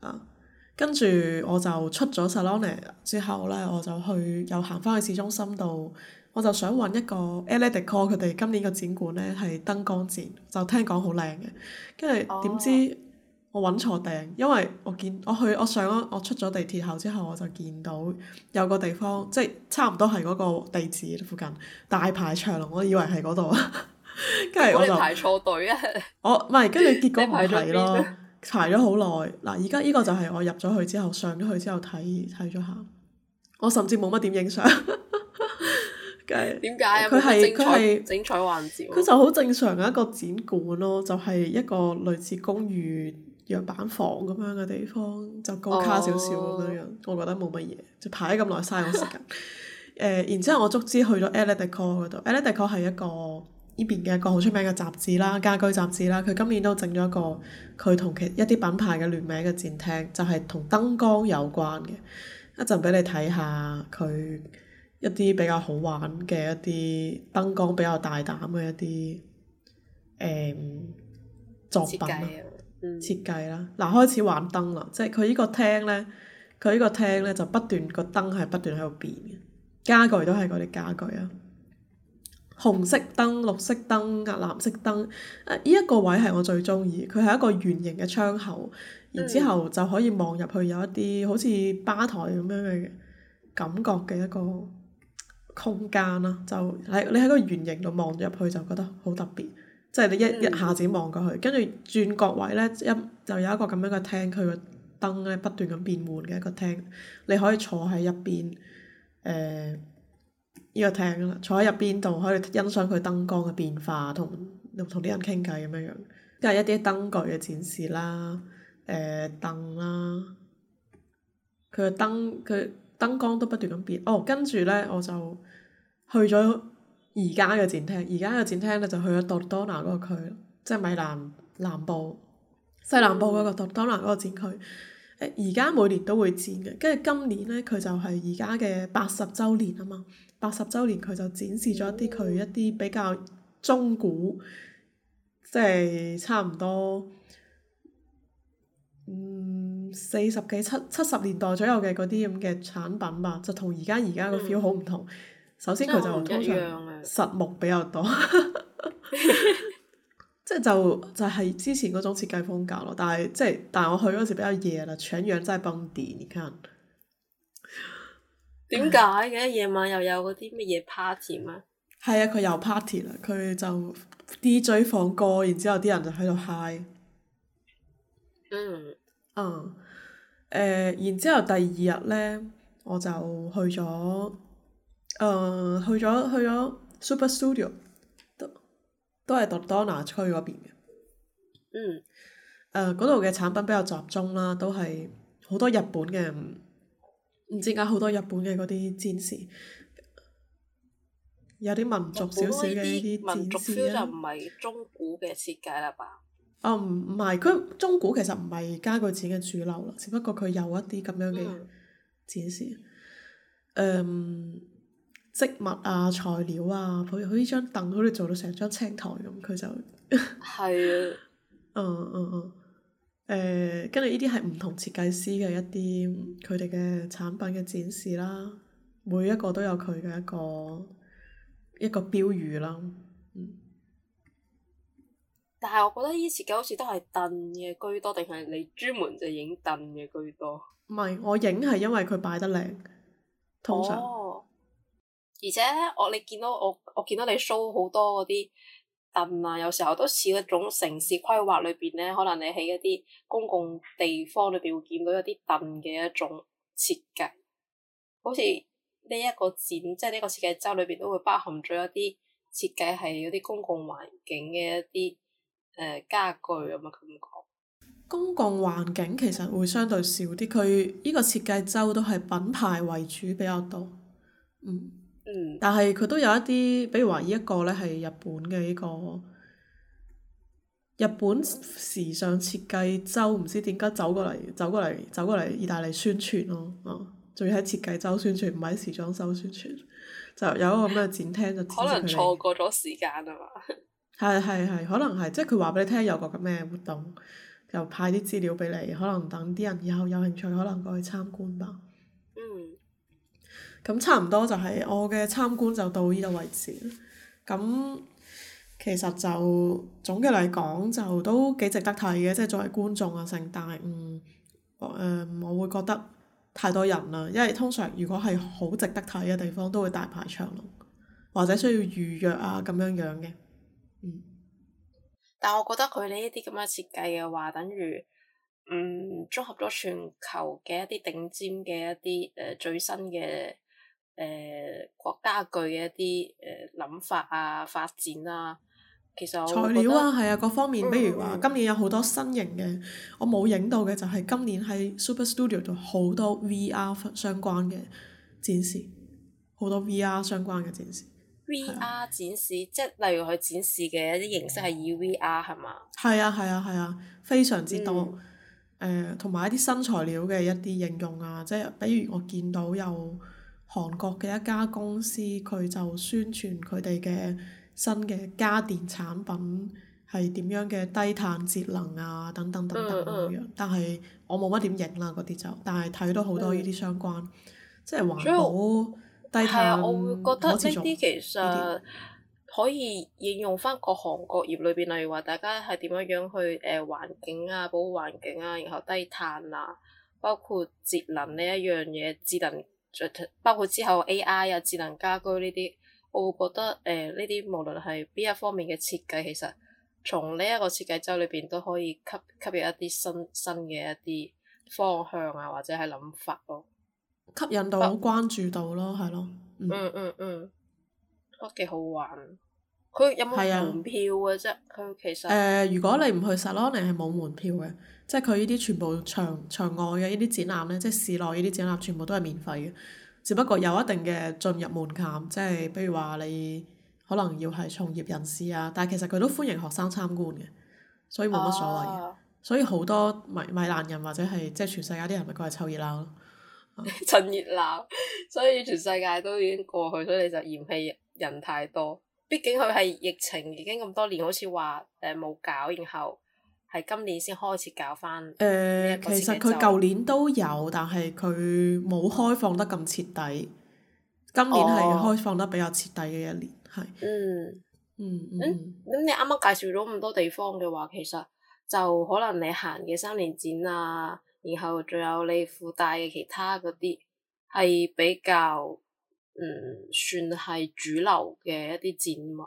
[SPEAKER 1] 啊。 [LAUGHS] 跟住我就出咗 Salone 之後咧，我就去又行翻去市中心度，我就想揾一個 Elle Decor 佢哋今年個展館咧係燈光展，就聽講好靚嘅。跟住點知我揾錯定，因為我見我去我上我出咗地鐵後之後，我就見到有個地方即係差唔多係嗰個地址附近大排長龍，我以為係嗰度，跟
[SPEAKER 2] [LAUGHS] 住我就排錯隊啊！
[SPEAKER 1] 我唔係，跟住結果唔係咯。 [LAUGHS] 排咗好耐，嗱而家依個就係我入咗去之後上咗去之後睇睇咗下，我甚至冇乜點影相，梗係點解？佢係佢係精彩環節，佢是、啊、就好正常嘅一個展館咯，就係、是、一個類似公寓、樣板房咁樣嘅地方，就高卡少少咁樣樣，oh. 我覺得冇乜嘢，就排咁耐嘥我時間。誒、 [LAUGHS] 呃，然之後我足之去咗 Elle Decor 嗰度，Elle Decor 係一個。呢邊嘅一個好出名嘅雜誌啦，家居雜誌啦，佢今年都整咗一個佢同其一啲品牌嘅聯名嘅展廳，就係、是、同燈光有關嘅。一陣俾你睇下佢一啲比較好玩嘅一啲燈光比較大膽嘅一啲誒、嗯、作品啊，嗯、設計啦嗱，開始玩燈啦，即係佢呢個廳咧，佢呢個廳咧就不斷個燈係不斷喺度變嘅，傢俱都係嗰啲家具啊。紅色燈、綠色燈、啊藍色燈，啊！呢、這個、一個位係我最中意，佢係一個圓形嘅窗口，然之後就可以望入去有一啲、嗯、好似吧台咁樣嘅感覺嘅一個空間啦。就你你喺個圓形度望入去就覺得好特別，即、就、係、是、你一一下子望過去，跟住轉角位咧一就有一個咁樣嘅廳，佢個燈咧不斷咁變換嘅一個廳，你可以坐喺一邊，誒、呃。呢個廳啦，坐喺入邊度可以欣賞佢燈光嘅變化，同同啲人傾偈咁樣樣，跟住一啲燈具嘅展示啦，誒凳啦，佢嘅燈佢燈光都不斷咁變。哦，跟住咧我就去咗而家嘅展廳，而家嘅展廳咧就去咗杜多拿嗰個區，即係米蘭南，南部、西南部嗰個杜多拿嗰個展區。誒，而家每年都會展嘅，跟住今年咧佢就係而家嘅八十周年啊嘛～八十周年佢就展示咗一啲佢，嗯、一啲比較中古，即，就，係，是，差唔多，嗯四十幾、七七十年代左右嘅嗰啲咁嘅產品吧，就同而家而家嘅 feel 好唔同。嗯，首先佢，嗯，就通常，嗯、實木比較多，即係就就係之前嗰種設計風格咯。但係即係，但係我去嗰時比較夜啦，搶樣真係崩跌，而家。點
[SPEAKER 2] 解嘅？夜晚又有嗰啲乜嘢 party 嘛？
[SPEAKER 1] 係啊、嗯，佢又 party 啦，佢就 D.J. 放歌，然之後啲人就喺度嗨。嗯，嗯，嗯，誒，然之後第二日咧，我就去咗，誒、呃，去咗去咗 Super Studio，都都係 Tortona 區嗰邊嘅。嗯，誒，嗰度嘅產品比較集中啦，都係好多日本嘅。唔知點解好多日本嘅嗰啲展示，有啲民族少少嘅呢啲
[SPEAKER 2] 展示咧。就唔係中古嘅設計啦吧？
[SPEAKER 1] 哦、嗯，唔唔係，佢中古其實唔係家具展嘅主流啦，只不過佢有一啲咁樣嘅展示。嗯，嗯，植物啊、材料啊，譬如佢呢張凳，好似做到成張青苔咁，佢就係啊 [LAUGHS] 的、嗯，嗯嗯嗯。誒，跟住呢啲係唔同設計師嘅一啲佢哋嘅產品嘅展示啦，每一個都有佢嘅一個一個標語啦。嗯，
[SPEAKER 2] 但係我覺得呢設計好似都係凳嘅居多，定係你專門就影凳嘅居多？
[SPEAKER 1] 唔係，我影係因為佢擺得靚，通常。
[SPEAKER 2] 哦，而且我你見到我我見到你 show 好多嗰啲。啊，有時候都似一種城市規劃裏邊咧，可能你喺一啲公共地方裏邊會見到一啲凳嘅一種設計。
[SPEAKER 1] 好似
[SPEAKER 2] 呢一個展，即係呢個設計周裏邊都會包含咗一啲設計係嗰啲公共環境嘅一啲誒傢俱咁嘅感覺。呃、公共
[SPEAKER 1] 環境其實會相對少啲，佢呢個設計周都係品牌為主比較多，嗯。嗯，但係佢都有一啲，比如話依一個咧係日本嘅一，依個日本時尚設計周，唔知點解走過嚟走過嚟走過嚟意大利宣傳咯，啊，仲要喺設計周宣傳，唔喺時裝週宣傳，就有一個咩展廳就展可能錯
[SPEAKER 2] 過咗時間啊嘛。
[SPEAKER 1] 係係係，可能係，即係佢話俾你聽有個咁嘅活動，就派啲資料俾你，可能等啲人以後有興趣，可能過去參觀吧。咁差唔多就係我嘅參觀就到呢度為止。咁其實就總嘅嚟講就都幾值得睇嘅，即係作為觀眾啊成但係嗯，誒我、嗯、我會覺得太多人啦，因為通常如果係好值得睇嘅地方都會大排長龍，或者需要預約啊咁樣樣嘅。嗯，
[SPEAKER 2] 但係我覺得佢呢一啲咁嘅設計嘅話，等於嗯綜合咗全球嘅一啲頂尖嘅一啲誒最新嘅。誒、呃，國家具嘅一啲誒諗法啊，發展啊，其實材料啊，係
[SPEAKER 1] 啊，各方面，比如話今年有好多新型嘅，嗯、我冇影到嘅就係今年喺 Super Studio 度好多 VR 相關嘅展示，好多 VR 相關嘅展示。
[SPEAKER 2] VR、啊、展示即係例如佢展示嘅一啲形式係以 VR 係嘛、嗯？
[SPEAKER 1] 係啊，係啊，係啊，啊，非常之多。誒、嗯，同埋、呃、一啲新材料嘅一啲應用啊，即係比如我見到有。韓國嘅一家公司，佢就宣傳佢哋嘅新嘅家電產品係點樣嘅低碳節能啊，等等等等咁樣。嗯嗯，但係我冇乜點影啦，嗰啲就，但係睇到好多呢啲相關，嗯、即係環保、嗯、
[SPEAKER 2] 低碳。係、嗯啊、我會覺得呢啲其實可以應用翻各行各業裏邊，例如話大家係點樣樣去誒、呃、環境啊，保護環境啊，然後低碳啊，包括節能呢一樣嘢，智能。包括之後 AI 啊，智能家居呢啲，我會覺得誒，呢、呃、啲無論係邊一方面嘅設計，其實從呢一個設計周裏邊都可以吸吸引一啲新新嘅一啲方向啊，或者係諗法咯、啊，
[SPEAKER 1] 吸引到我關注到咯，係咯但，嗯
[SPEAKER 2] 嗯了嗯，都幾、嗯 okay, 好玩。佢有冇門票嘅啫？佢其實誒，如果你
[SPEAKER 1] 唔去 Salone，係冇門票嘅，嗯、即係佢呢啲全部場場外嘅呢啲展覽咧，即係市內呢啲展覽全部都係免費嘅，只不過有一定嘅進入門檻，即係比如話你可能要係從業人士啊，但係其實佢都歡迎學生參觀嘅，所以冇乜所謂。啊、所以好多米米蘭人或者係即係全世界啲人咪過嚟湊熱鬧咯，
[SPEAKER 2] 趁、啊、熱鬧。所以全世界都已經過去，所以你就嫌棄人太多。畢竟佢係疫情已經咁多年，好似話誒冇搞，然後係今年先開始搞返、呃。
[SPEAKER 1] 誒，其實佢舊年都有，嗯、但係佢冇開放得咁徹底。今年係開放得比較徹底嘅一年，係。嗯。嗯。
[SPEAKER 2] 嗯，咁、嗯嗯、你啱啱介紹咗咁多地方嘅話，其實就可能你行嘅三年展啊，然後仲有你附帶嘅其他嗰啲，係比較。嗯，算係主流嘅一啲展物。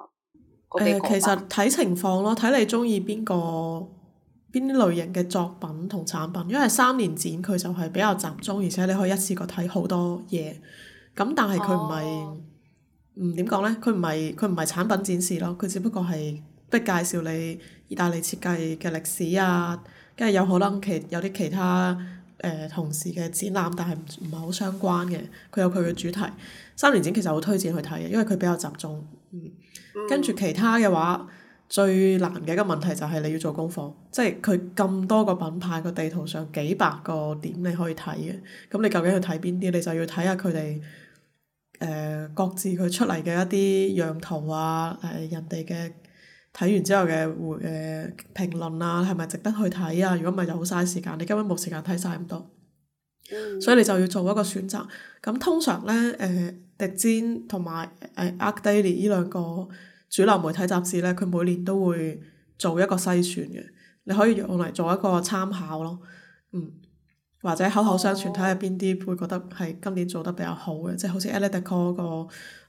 [SPEAKER 2] 誒、呃，其
[SPEAKER 1] 實睇情況咯，睇你中意邊個邊類型嘅作品同產品。因為三年展佢就係比較集中，而且你可以一次過睇好多嘢。咁但係佢唔係，唔點講咧？佢唔係佢唔係產品展示咯，佢只不過係逼介紹你意大利設計嘅歷史啊，跟住有可能其有啲其他。誒、呃、同事嘅展覽，但係唔係好相關嘅，佢有佢嘅主題。三年展其實好推薦去睇嘅，因為佢比較集中。嗯、跟住其他嘅話，最難嘅一個問題就係你要做功課，即係佢咁多個品牌個地圖上幾百個點你可以睇嘅，咁你究竟要睇邊啲？你就要睇下佢哋誒各自佢出嚟嘅一啲樣圖啊，誒、呃、人哋嘅。睇完之後嘅回誒評論啊，係咪值得去睇啊？如果唔係，就好嘥時間，你根本冇時間睇晒咁多，所以你就要做一個選擇。咁通常咧，誒、呃《迪尖》同埋《ArchDaily》呢兩個主流媒體雜誌咧，佢每年都會做一個篩選嘅，你可以用嚟做一個參考咯，嗯。或者口口相傳，睇下邊啲會覺得係今年做得比較好嘅，即係好似 Elle Decor 嗰個，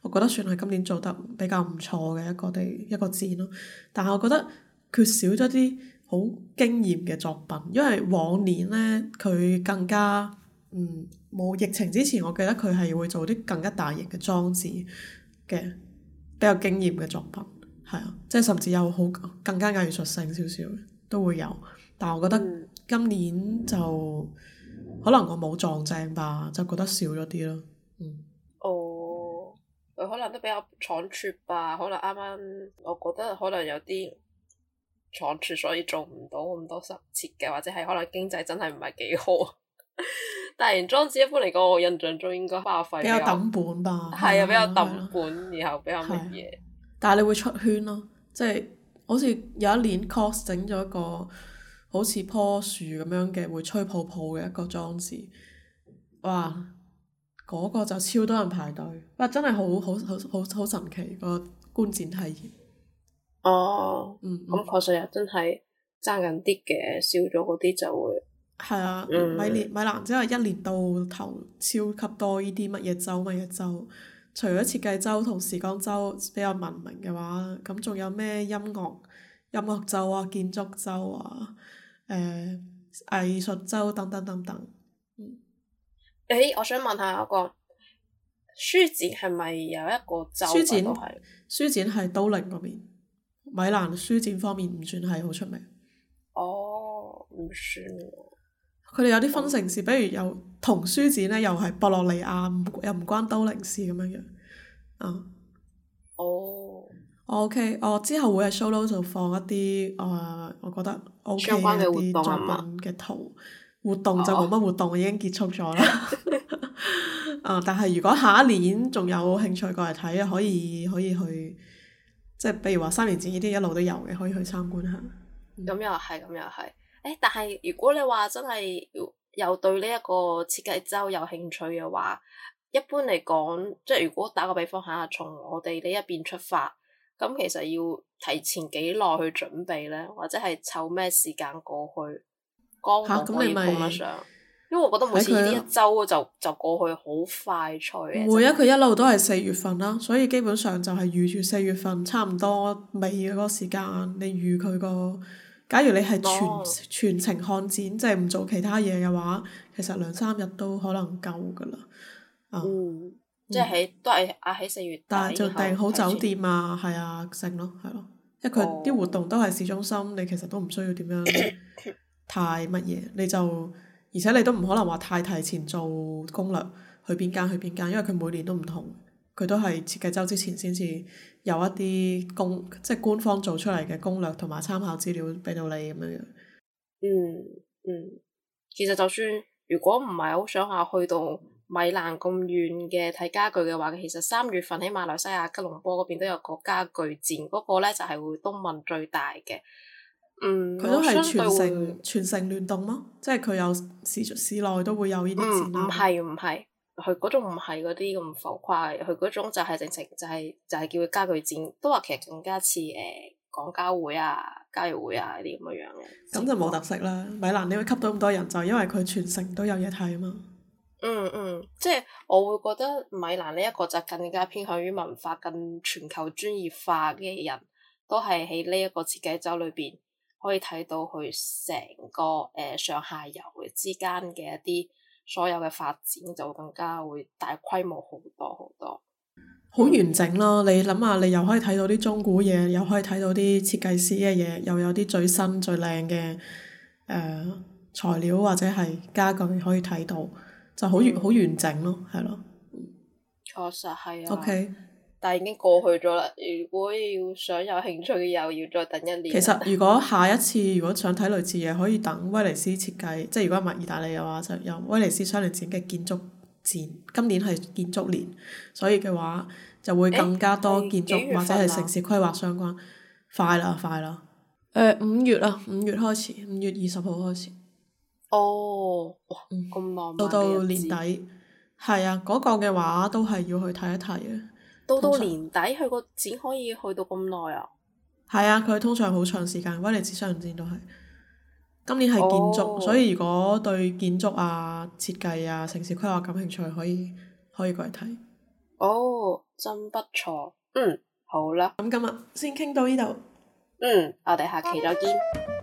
[SPEAKER 1] 我覺得算係今年做得比較唔錯嘅一個的，一個展咯。但係我覺得缺少咗啲好驚豔嘅作品，因為往年咧佢更加嗯冇疫情之前，我記得佢係會做啲更加大型嘅裝置嘅比較驚豔嘅作品，係啊，即係甚至有好更加藝術性少少都會有。但係我覺得今年就～可能我冇撞正吧，就覺得少咗啲咯。哦、嗯，
[SPEAKER 2] 佢、oh，可能都比較倉促吧。可能啱啱，我覺得可能有啲倉促，所以做唔到咁多新設計，或者係可能經濟真係唔係幾好。但 [LAUGHS] 係裝置一般嚟講，我印象中應該花費比較抌
[SPEAKER 1] 本吧。係啊，啊啊
[SPEAKER 2] 啊比較抌本，啊啊、然後比較乜嘢、啊。
[SPEAKER 1] 但係你會出圈咯，即、就、係、是、好似有一年 Cos 整咗一個。好似樖樹咁樣嘅，會吹泡泡嘅一個裝置，哇！嗰、那個就超多人排隊，哇！真係好好好好好神奇、那個觀展體驗。
[SPEAKER 2] 哦，嗯嗯、哦，嗯，咁確實又真係爭緊啲嘅，少咗嗰啲就會。係啊，
[SPEAKER 1] 米連米蘭真係一年到頭超級多呢啲乜嘢周，乜嘢周，除咗設計周同時光周比較聞名嘅話，咁仲有咩音樂音樂周啊、建築周啊？誒、呃、藝術周等等等等。
[SPEAKER 2] 誒、嗯，我想問下嗰、那個書展係咪有一個週、啊？書展係
[SPEAKER 1] 書展係都靈嗰邊，米蘭書展方面唔算係好出名。
[SPEAKER 2] 哦，唔算。
[SPEAKER 1] 佢哋有啲分城市，嗯、比如有同書展咧，又係博洛尼亞，又唔關都靈事咁樣樣。啊、嗯！哦，OK，哦，之後會喺 Solo 就放一啲誒，呃，我覺得 O.K. 嘅活動啲作品嘅圖，活動就冇乜活動，已經結束咗啦。但係如果下一年仲有興趣過嚟睇，可以可以去，即係比如話三年展呢啲一路都有嘅，可以去參觀下。
[SPEAKER 2] 咁又係，咁又係。誒、欸，但係如果你話真係又對呢一個設計周有興趣嘅話，一般嚟講，即係如果打個比方下，從我哋呢一邊出發。咁其實要提前幾耐去準備呢？或者係湊咩時間過去，剛好可以碰得上。啊啊啊啊啊、因為我覺得每次呢一周就就過去好快脆。啊、每一
[SPEAKER 1] 佢一路都係四月份啦，所以基本上就係預住四月份差唔多尾嗰時間，你預佢、嗰個。假如你係全、哦、全程看展，即係唔做其他嘢嘅話，其實兩三日都可能夠噶啦。啊、嗯。
[SPEAKER 2] 嗯、即係喺都係啊！喺四月底，但，就訂好酒店
[SPEAKER 1] 啊，係前啊，成咯，係咯。因為佢啲活動都係市中心，哦、你其實都唔需要點樣 [COUGHS] 太乜嘢。你就而且你都唔可能話太提前做攻略去邊間去邊間，因為佢每年都唔同。佢都係設計周之前先至有一啲公即係官方做出嚟嘅攻略同埋參考資料畀到你咁樣樣。嗯
[SPEAKER 2] 嗯，其實就算如果唔係好想下去到。米蘭咁遠嘅睇家具嘅話，其實三月份喺馬來西亞吉隆坡嗰邊都有個家具展，嗰、那個咧就係、是、會東盟最大嘅。嗯，佢都係全城
[SPEAKER 1] 全城聯動咯，即係佢有市市內都會有呢啲展。唔係
[SPEAKER 2] 唔係，佢嗰種唔係嗰啲咁浮誇，佢嗰種就係直情就係、是、就係、是、叫佢家具展，都話其實更加似誒、廣交會啊、交易會啊嗰啲咁嘅樣。
[SPEAKER 1] 咁就冇特色啦，嗯、米蘭你會吸到咁多人，就因為佢全城都有嘢睇啊嘛。
[SPEAKER 2] 嗯嗯，即係我會覺得米蘭呢一個就更加偏向於文化，更全球專業化嘅人，都係喺呢一個設計周裏邊可以睇到佢成個誒、呃、上下游之間嘅一啲所有嘅發展，就更加會大規模好多好多，
[SPEAKER 1] 好完整咯。你諗下，你又可以睇到啲中古嘢，又可以睇到啲設計師嘅嘢，又有啲最新最靚嘅誒材料或者係家具可以睇到。就好完好完整咯，係咯、嗯，
[SPEAKER 2] 確的、哦、實係啊。O Okay , K，但係已經過去咗啦。如果要想有興趣嘅，又要再等一年。其實如
[SPEAKER 1] 果下一次如果想睇類似嘢，可以等威尼斯設計，即係如果唔係意大利嘅話，就有威尼斯雙年展嘅建築展。今年係建築年，所以嘅話就會更加多建築、欸、或者係城市規劃相關。嗯、快啦，快啦！誒、呃，五月啦，五月開始，五月二十號開始。哦，
[SPEAKER 2] 咁耐到到年底，
[SPEAKER 1] 係啊，嗰個嘅話都係要去睇一睇嘅。
[SPEAKER 2] 到到年底，佢個展可以去到咁耐啊？
[SPEAKER 1] 係啊，佢通常好長時間，威尼斯雙年展都係。今年係建築，哦、所以如果對建築啊、設計啊、城市規劃感興趣，可以可以過嚟睇。
[SPEAKER 2] 哦，真不錯。嗯，好啦，咁今日先傾到呢度。嗯，我哋下期再見。